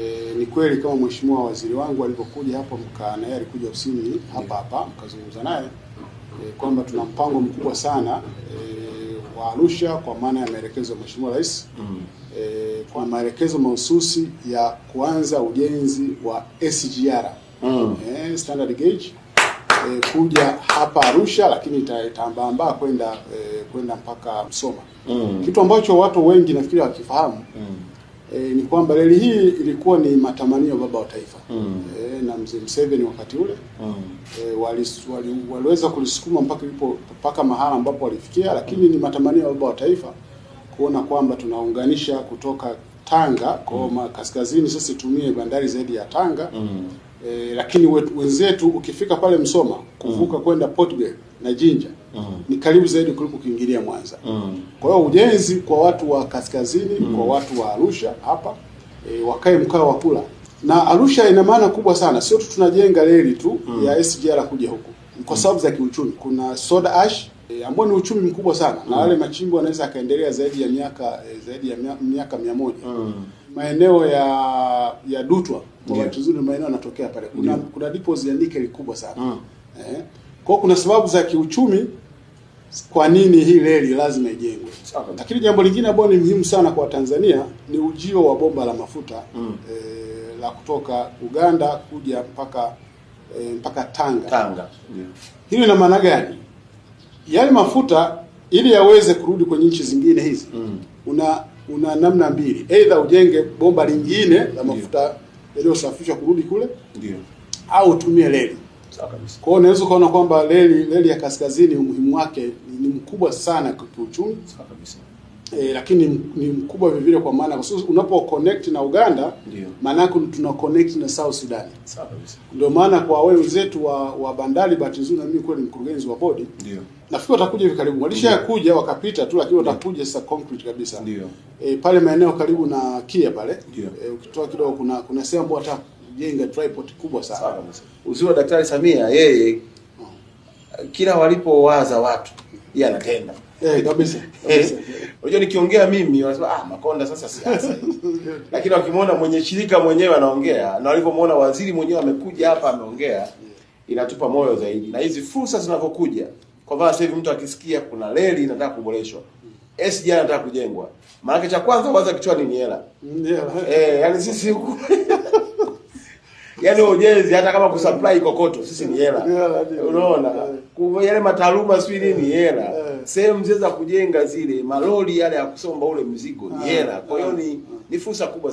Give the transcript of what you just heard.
E, ni kweli kama mheshimiwa waziri wangu alipokuja hapo mkaa naye alikuja ofisini hapa hapa mkazungumza naye e, kwamba tuna mpango mkubwa sana e, wa Arusha kwa maana ya maelekezo ya Mheshimiwa Rais mm. e, kwa maelekezo mahususi ya kuanza ujenzi wa SGR mm. e, standard gauge e, kuja hapa Arusha lakini itambaambaa kwenda e, kwenda mpaka Msoma mm. kitu ambacho watu wengi nafikiri wakifahamu mm e, ni kwamba reli hii ilikuwa ni matamanio baba wa taifa mm. e, na mzee mseveni wakati ule mm. e, eh, wali, wali, waliweza kulisukuma mpaka ilipo mpaka mahala ambapo walifikia, lakini ni matamanio baba wa taifa kuona kwamba tunaunganisha kutoka Tanga kwa mm. kaskazini sisi tumie bandari zaidi ya Tanga mm. E, lakini wenzetu ukifika pale Msoma kuvuka mm. kwenda Port na Jinja mm. ni karibu zaidi kuliko kuingilia Mwanza mm. kwa hiyo ujenzi kwa watu wa kaskazini mm. kwa watu wa Arusha hapa e, wakae mkao wa kula na Arusha ina maana kubwa sana, sio tu tunajenga reli tu mm. ya SGR kuja huku kwa sababu za kiuchumi. Kuna soda ash e, eh, ambao ni uchumi mkubwa sana mm. na wale mm. machimbo wanaweza akaendelea zaidi ya miaka e, zaidi ya miaka mia moja mm. maeneo ya ya Dutwa kwa yeah. watu maeneo yanatokea pale kuna yeah. kuna depots ya nickel kubwa sana mm. eh, kwa kuna sababu za kiuchumi kwa nini hii reli lazima ijengwe. Lakini jambo lingine ambalo ni muhimu sana kwa Tanzania ni ujio wa bomba la mafuta mm. e, la kutoka Uganda kuja mpaka e, mpaka Tanga. Tanga. Yeah. Hilo ina maana gani? Yale mafuta ili yaweze kurudi kwenye nchi zingine hizi mm. una una namna mbili, aidha ujenge bomba lingine la mafuta yaliyosafishwa kurudi kule, ndio, au utumie reli. Kwa hiyo unaweza ukaona kwamba reli reli ya kaskazini umuhimu wake ni mkubwa sana kiuchumi. Sawa kabisa. E, lakini ni mkubwa kwa maana kwa maana unapo connect na Uganda maana tuna connect na South Sudan. Ndio maana kwa wewe wenzetu wa, wa bandari, bahati nzuri na mimi kweli ni mkurugenzi wa bodi, nafikiri watakuja hivi karibu, kuja wakapita tu, lakini watakuja sasa concrete kabisa. E, pale maeneo karibu na Kia pale e, ukitoa kidogo kuna kuna sehemu ambayo watajenga tripod kubwa sana. Uzuri wa Daktari Samia yeye, oh. kila walipowaza watu yeye anatenda Eh, kabisa. Eh. Unajua nikiongea mimi wanasema ah, Makonda sasa siasa. Lakini wakimwona mwenye shirika mwenyewe anaongea na walivyomwona waziri mwenyewe amekuja hapa ameongea inatupa moyo zaidi. Na hizi fursa zinapokuja, kwa sababu sasa hivi mtu akisikia kuna reli inataka kuboreshwa, SGR inataka kujengwa. Maana cha kwanza kwanza kichwani ni hela. Eh, yani sisi huku Yaani ujenzi hata kama kusupply kokoto sisi ni hela. Unaona? Eh. Yale mataaluma sio nini hela. Eh. Sehemu zile za kujenga zile, malori yale ya kusomba ule mzigo ni ah. hela. Kwa hiyo ah. ni ni fursa kubwa sana.